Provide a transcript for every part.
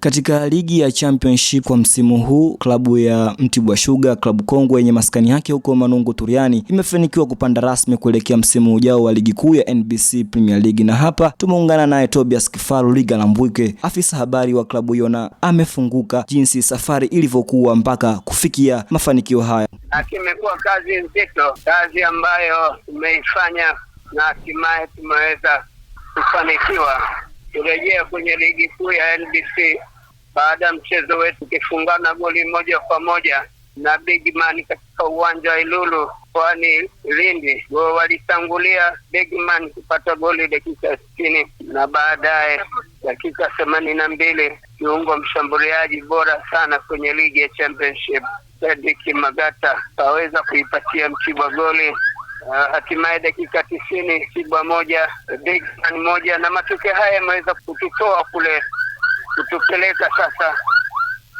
Katika ligi ya Championship kwa msimu huu, klabu ya Mtibwa Sugar, klabu kongwe yenye maskani yake huko Manungu Turiani, imefanikiwa kupanda rasmi kuelekea msimu ujao wa ligi kuu ya NBC Premier League, na hapa tumeungana naye Tobias Kifaru Liga la Mbwike, afisa habari wa klabu hiyo, na amefunguka jinsi safari ilivyokuwa mpaka kufikia mafanikio haya. Imekuwa kazi nzito, kazi ambayo tumeifanya na hatimaye tumeweza kufanikiwa kurejea kwenye ligi kuu ya NBC baada ya mchezo wetu ukifungana goli moja kwa moja na Man katika uwanja wa Ilulu kwani Lindi wao walitangulia Man kupata goli dakika sitini na baadaye dakika themanini na mbili kiungo mshambuliaji bora sana kwenye ligi ya championship Magata kaweza kuipatia Mtibwa goli. Uh, hatimaye dakika tisini Mtibwa moja moja, na matokeo haya yameweza kututoa kule kutupeleka sasa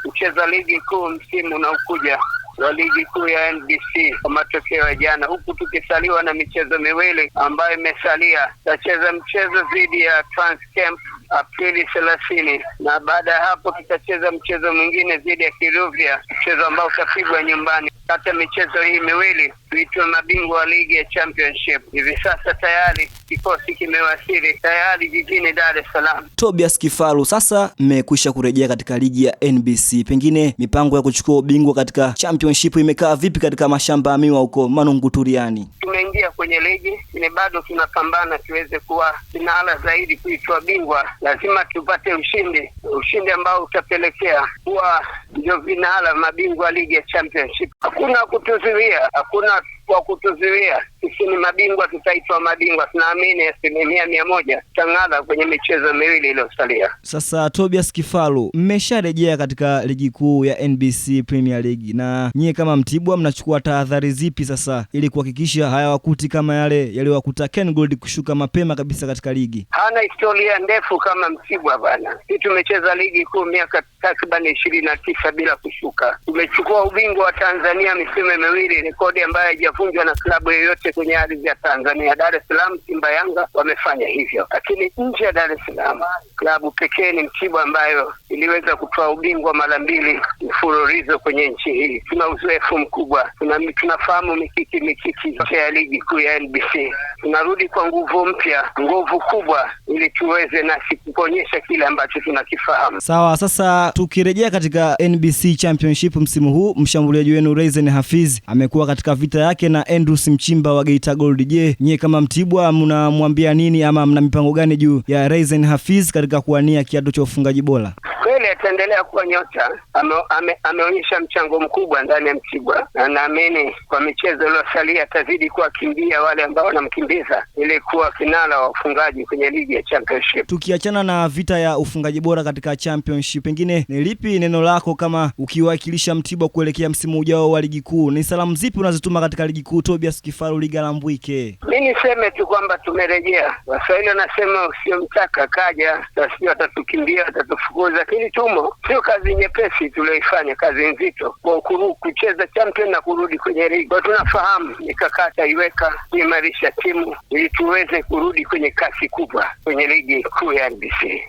kucheza ligi kuu msimu unaokuja wa ligi kuu ya NBC kwa matokeo ya jana, huku tukisaliwa na michezo miwili ambayo imesalia. Tacheza mchezo dhidi ya Transcamp Aprili thelathini, na baada ya hapo tutacheza mchezo mwingine dhidi ya Kiruvia, mchezo ambao utapigwa nyumbani. Hata michezo hii miwili tuitwe mabingwa wa ligi ya championship. Hivi sasa tayari kikosi kimewasili tayari jijini Dar es Salaam. Tobias Kifaru, sasa mmekwisha kurejea katika ligi ya NBC, pengine mipango ya kuchukua ubingwa katika championship imekaa vipi katika mashamba ya miwa huko Manunguturiani? Tumeingia kwenye ligi lakini bado tunapambana tuweze kuwa kinara zaidi kuitwa bingwa. Lazima tupate ushindi, ushindi ambao utapelekea kuwa ndio vinara mabingwa ligi ya championship. Hakuna kutuzuia, hakuna wa kutuzuia. Sisi ni mabingwa, tutaitwa mabingwa, tunaamini asilimia mia moja tangaza kwenye michezo miwili iliyosalia. Sasa Tobias Kifalu, mmesharejea katika ligi kuu ya NBC Premier League, na nyie kama Mtibwa mnachukua tahadhari zipi sasa ili kuhakikisha hayawakuti kama yale yaliyowakuta Kengold kushuka mapema kabisa katika ligi? Hana historia ndefu kama Mtibwa bana, si tumecheza ligi kuu miaka takriban ishirini na tisa bila kushuka. Tumechukua ubingwa wa Tanzania misimu miwili, rekodi ambayo hazijafunjwa na klabu yoyote kwenye ardhi ya Tanzania. Dar es Salaam, Simba, Yanga wamefanya hivyo, lakini nje ya Dar es Salaam klabu pekee ni Mtibwa ambayo iliweza kutoa ubingwa mara mbili mfululizo kwenye nchi hii. Tuna uzoefu mkubwa, tunafahamu mikiki mikiki ya ligi kuu ya NBC. Tunarudi kwa nguvu mpya, nguvu kubwa, ili tuweze nasi kuonyesha kile ambacho tunakifahamu. Sawa, sasa tukirejea katika NBC Championship msimu huu, mshambuliaji wenu Raisen Hafiz amekuwa katika vita yake yake na Andrews Mchimba wa Geita Gold. Je, nyie kama Mtibwa mnamwambia nini ama mna mipango gani juu ya Raisen Hafiz katika kuwania kiatu cha ufungaji bora? Bakari ataendelea kuwa nyota. Ame, ame, ameonyesha mchango mkubwa ndani ya Mtibwa na naamini kwa michezo iliyosalia atazidi kuwakimbia wale ambao wanamkimbiza ili kuwa kinara wa ufungaji kwenye ligi ya championship. Tukiachana na vita ya ufungaji bora katika championship, pengine ni lipi neno lako kama ukiwakilisha Mtibwa kuelekea msimu ujao wa ligi kuu? Ni salamu zipi unazituma katika ligi kuu, Tobias Kifaru Liga la Mbwike? Mi niseme tu kwamba tumerejea. Waswahili wanasema usiomtaka kaja, sasi atatukimbia atatufukuza lakini tumo, sio kazi nyepesi tuliyoifanya, kazi nzito kwa kuru, kucheza champion na kurudi kwenye ligi. Kwa tunafahamu mikakati iweka kuimarisha timu ili tuweze kurudi kwenye kasi kubwa kwenye ligi kuu ya NBC.